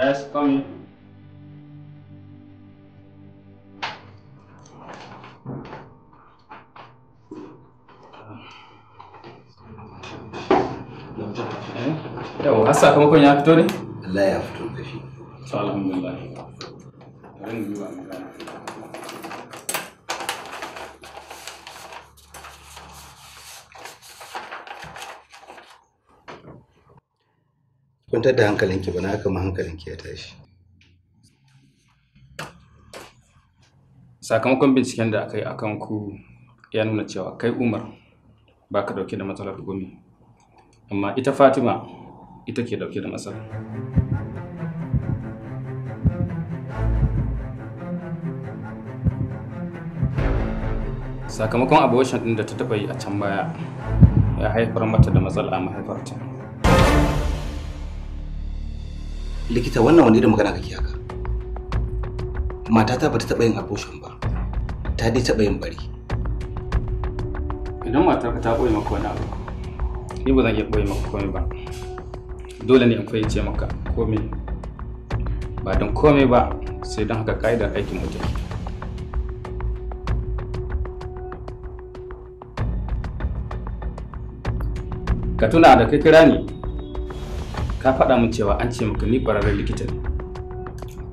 É esse caminho. Yau, a sakamakon ya fito ne? Allah ya fito da shi. Alhamdulillah. Rin kwantar da hankalinki ba na haka ma hankalinki ya tashi sakamakon binciken da aka yi akan ku ya nuna cewa kai umar ba ka dauke da matsalar gumi amma ita fatima ita ke dauke da matsalar sakamakon shan din da ta taɓa yi a can baya ya haifar mata da matsala a mahaifarta likita wannan wani irin magana kake haka matata ba ta taɓa yin abortion ba ta dai taɓa yin bari idan matarka ta ɓoye maka wani abu ni ba zan iya ɓoye maka komai ba dole ne in fahimce maka komai ba don komai ba sai don haka ka'idar aikin mutum ka tuna da kai kira ne ka faɗa min cewa an ce maka ni ƙwararren likita ne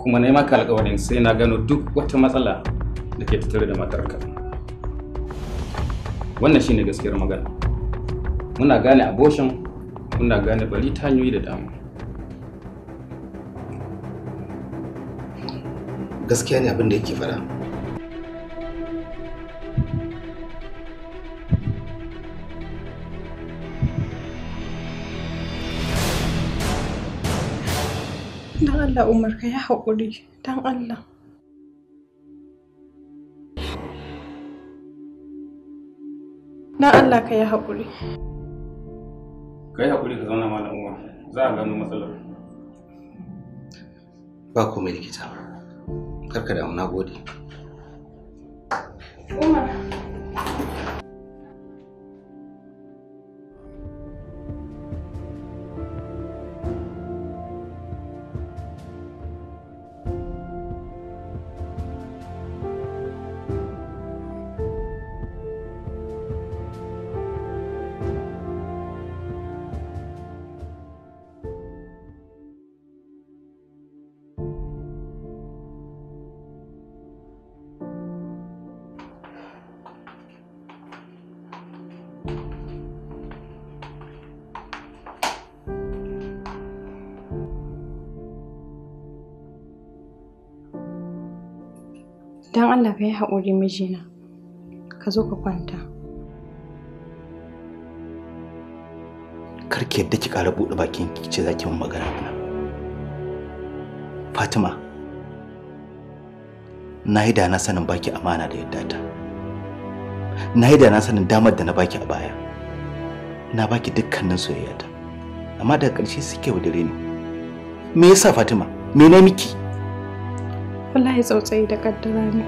kuma na yi maka alƙawarin sai na gano duk wata matsala da ke tattare da matarka wannan shine gaskiyar magana muna gane abocin muna gane bari ta hanyoyi da dama gaskiya ne abin da yake faɗa Allah Umar ka yi haƙuri don Allah. Don Allah ka yi haƙuri. Ka yi haƙuri ka zauna malam Umar za a gano matsalar. Ba ku mai likita. Karka damu na gode. Umar. Don Allah ka yi haƙuri mijina, ka zo ka kwanta. Karki yadda ki ƙara buɗe bakin ki ce za ki mun magana mana. Fatima, na yi da na sanin baki amana da yadda ta. Na yi da na sanin damar da na baki a baya. Na baki dukkanin soyayya ta, Amma daga ƙarshe suke wadare ni. Me yasa Fatima? Me na miki? wallahi tsautsayi da kaddara ne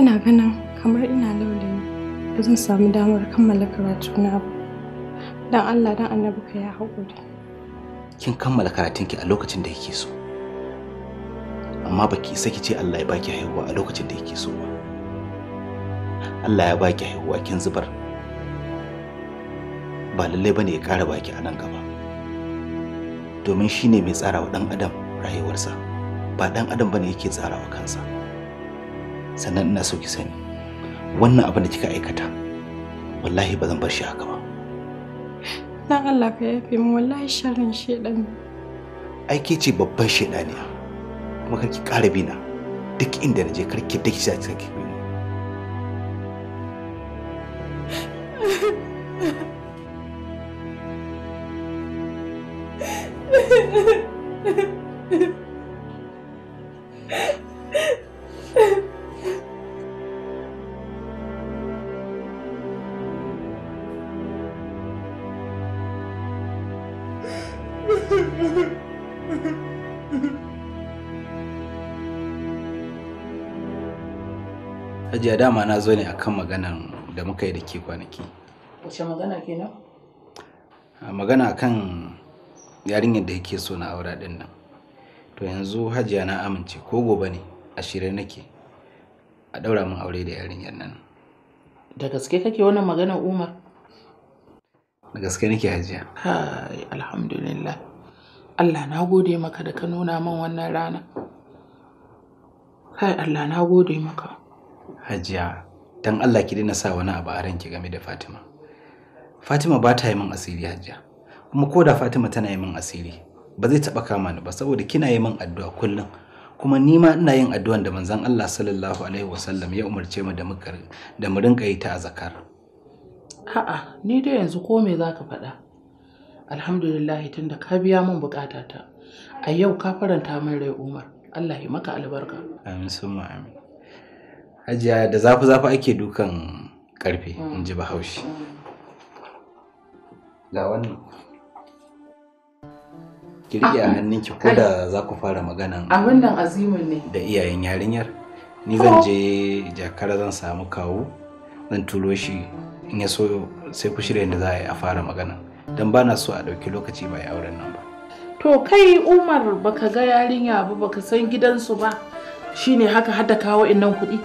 ina ganin kamar ina ne. ba zan samu damar kammala na ba don allah don annabi ka ya haƙuri kin kammala karatunki a lokacin da yake so amma baki isa ki ce allah ya baki haihuwa a lokacin da yake so ba allah ya baki haihuwa kin zubar ba lallai ba ne ya kara baki a nan gaba domin shi ne mai tsara wa ɗan adam rayuwarsa. ba dan adam bane yake tsarawa kansa sannan ina so ki sani wannan abin da kika aikata wallahi ba zan bar shi haka ba dan Allah ka yafe mu wallahi sharrin shedan ai ke ce babban shedaniya kuma kar ki ƙara bina duk inda na je kar ki dake cikin Hajiya dama na zo ne kan maganan da muka yi da ke kwanaki. Wace magana kenan? Magana kan yarinyar da yake so na aura ɗin nan. To yanzu Hajiya na amince ko gobe ne a shirye nake a ɗaura min aure da yarinyar nan. Da gaske kake wannan maganar Umar? Da gaske nake Hajiya. Ha, alhamdulillah. Allah na gode maka da ka nuna man wannan rana. Kai Allah na gode maka. Hajiya, dan Allah ki daina sa wani abu a ranki game da Fatima. Fatima ba ta yi min asiri Hajiya. Kuma ko da Fatima tana yi min asiri, ba zai taɓa kama ni ba saboda kina yi min addu'a kullum. Kuma ni ma ina yin addu'an da manzon Allah sallallahu alaihi wasallam ya umarce mu da mu da rinka yi ta a zakar. A'a, ni dai yanzu ko me zaka faɗa? alhamdulillahi tunda ka biya min bukatata a yau ka faranta min rai umar allah ya maka albarka amin suma amin hajiya da zafi zafi ake dukan karfe mm. in ji bahaushe mm. ga wannan ki ah. a ko da za ku fara magana abin nan azimin ne da iyayen yarinyar ni zan je jakara zan samu kawo zan turo shi in ya so sai ku shirya yadda za a yi a fara magana don ba na so a ɗauki lokaci mai auren nan ba to kai umar baka ga yarinya ba baka san gidansu ba shine haka hada kawo innan kuɗi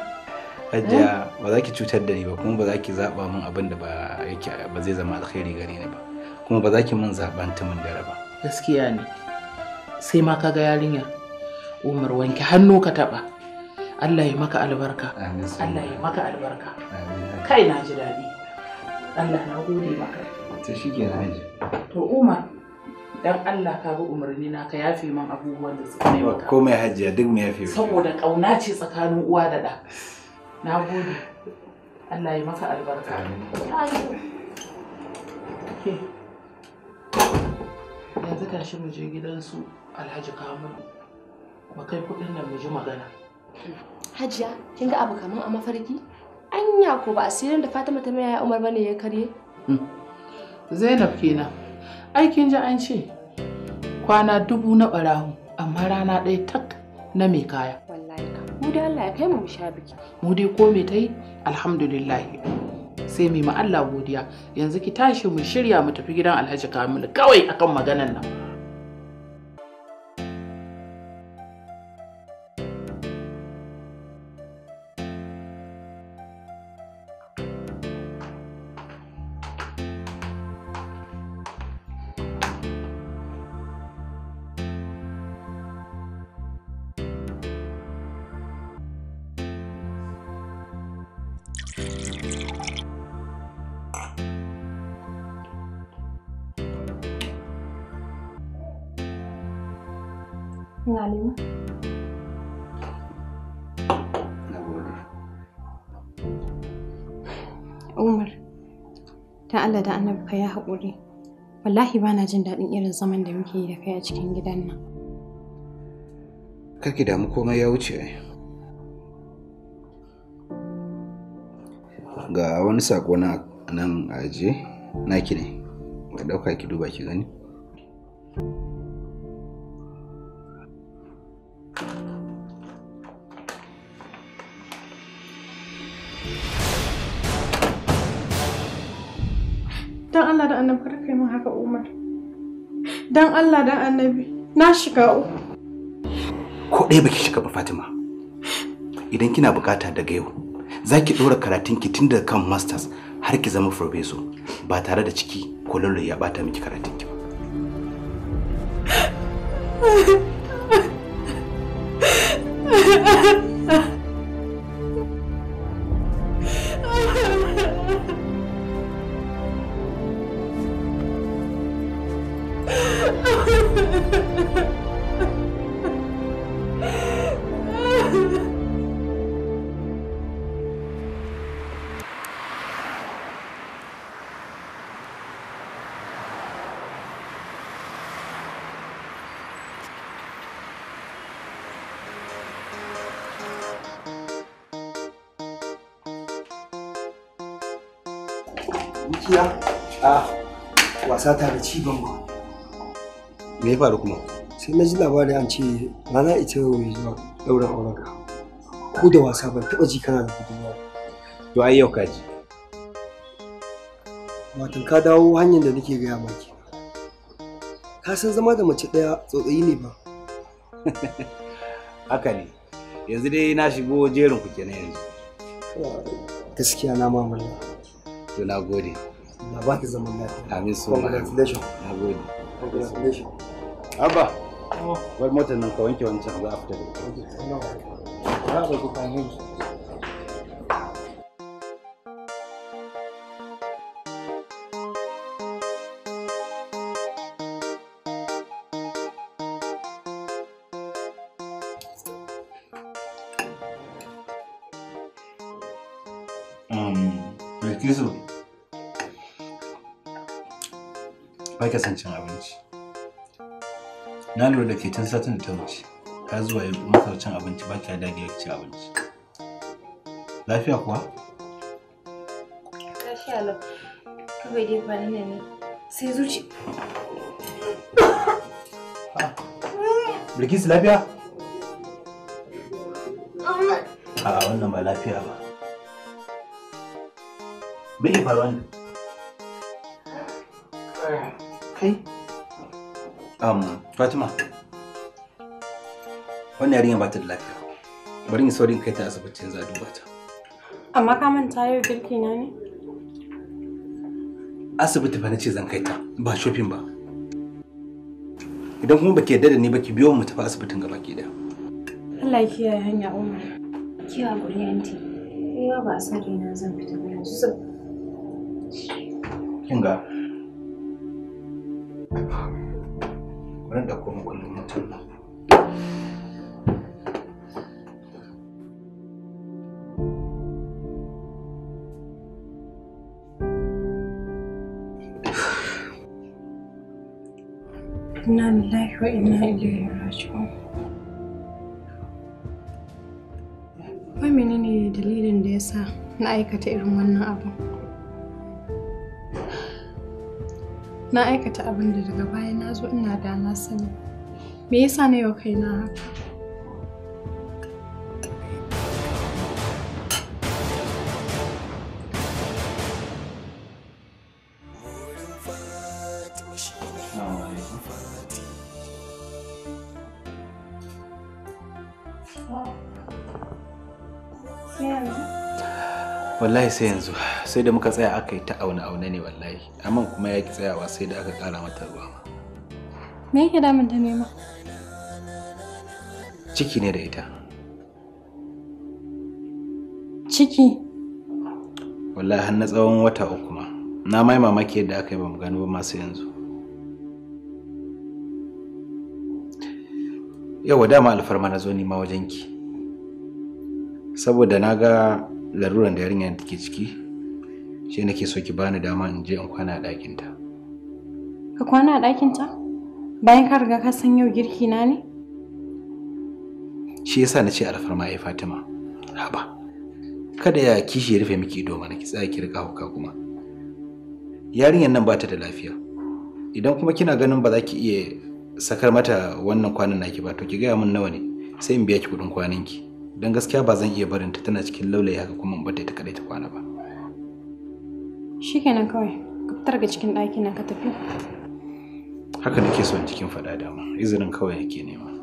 hajiya eh? ba za ki cutar da ni ba kuma ba za ki zaɓa min abin da ba yake ba zai zama alkhairi gare ni ba kuma ba za ki min zaɓan tumin dare ba gaskiya ne sai ma ka ga yarinya umar wanke hannu ka taɓa Allah ya maka albarka. Allah ya maka albarka. Kai na ji daɗi. Allah na gode maka. ta shi ke haji to umar dan Allah ka bi umarni na ka yafe man abubuwan da suka yi maka komai hajiya duk mu yafe saboda ƙauna ce tsakanin uwa da ɗa na gode Allah ya maka albarka yanzu tashi mu je gidansu alhaji kamun mu kai kuɗin nan mu ji magana hajiya kin ga abu kaman a mafarki anya ko ba a asirin da fatima ta mai umar bane ya karye hmm. Zainab kenan. Aikin ji an ce kwana dubu na ɓarawo amma rana ɗaya tak na mai kaya. Mu dai Allah ya kai mu sha biki. Mu dai ko me ta yi? Alhamdulillah. Sai mai ma Allah godiya yanzu ki tashi mu shirya mu tafi gidan Alhaji Kamilu kawai akan maganan nan. Umar, ta Allah da annabi ka ya haƙuri. Wallahi ba na jin daɗin irin zaman da muke yi da kai a cikin gidan nan. Kar ki damu komai ya wuce ga wani sako na nan ajiye naki ne ga dauka ki duba ki gani dan Allah da annabi kar kai min haka Umar dan Allah da annabi na shiga uku ko ɗaya baki shiga ba Fatima idan kina bukata daga yau za ki ɗora karatunki tun daga kan masters har ki zama professor ba tare da ciki ko lallai ya bata miki karatunki ba. Ha ha ha! Dukiya? A wasa ta da ci bango. Me ya faru kuma? Sai na ji labari an ce rana ita yau mai zuwa ɗaurin aurenka. Ko da wasa ban taɓa ji kana da ba. To ai yau kaji. Watan ka dawo hanyar da nake gaya maki. Ka san zama da mace ɗaya tsotsayi ne ba. Haka ne. Yanzu dai na shigo jerin ku kenan yanzu. Gaskiya na mamalla. so na gode na ba ki zaman lafiya amin so congratulations na gode congratulations abba Oh. bar motar nan ka wanke wancan za a fita da ita um, Bilkisu ba ka son cin abinci na lura da ke tun satin da ta wuce ka zuwa yi masar cin abinci ba ka dage ya ci abinci lafiya kuwa lafiya lau kawai dai kwanan ne sai zuci bilkis lafiya a wannan ba lafiya ba me yi faruwa ne Kai? Um, Fatima. Wannan yarinya ba ta da lafiya. Bari in saurin kai ta asibiti yanzu a duba ta. Amma ka manta yau girki na ne? Asibiti fa nace zan kai ta, ba shopping ba. Idan kuma baki yarda da ni baki biyo mu tafi asibitin gaba ke daya. Allah ya kiyaye hanya Umar. Ki hakuri anti. Ni ba a san na zan fita ba yanzu. Kinga. Kurin da kuma kullum mutum nan. Inna lillahi wa inna ilaihi Wai menene dalilin da ya sa na aikata irin wannan abu? na aikata abin da daga baya na zo ina da na sani me yasa na yau kai na haka wallahi sai yanzu sai da muka tsaya aka yi ta auna-auna ne wallahi amma kuma ya ki tsayawa sai da aka kara mata ruwa ma me yake damun ta nema ciki ne da ita ciki wallahi har na tsawon wata uku ma na mai mamaki yadda aka yi ba mu gano ba masu yanzu yau dama alfarma na zo nima wajenki saboda na ga laruran da yarinya take ciki shi nake so ki bani dama in je in kwana a ɗakinta ka kwana a ɗakinta bayan ka riga ka san yau girki na ne shi yasa na ce alfarma ya fatima haba kada ya kishi ya rufe miki ido mana ki tsaya ki riga hauka kuma yarinyar nan ba ta da lafiya idan kuma kina ganin ba za ki iya sakar mata wannan kwanan naki ba to ki gaya min nawa ne sai in biya ki kuɗin kwanan ki don gaskiya ba zan iya barin tana cikin laulayi haka kuma in bata ta kadai ta kwana ba shikenan kawai ka fitar ga cikin ɗakin nan ka tafi haka nake son cikin faɗa dama izinin kawai yake nema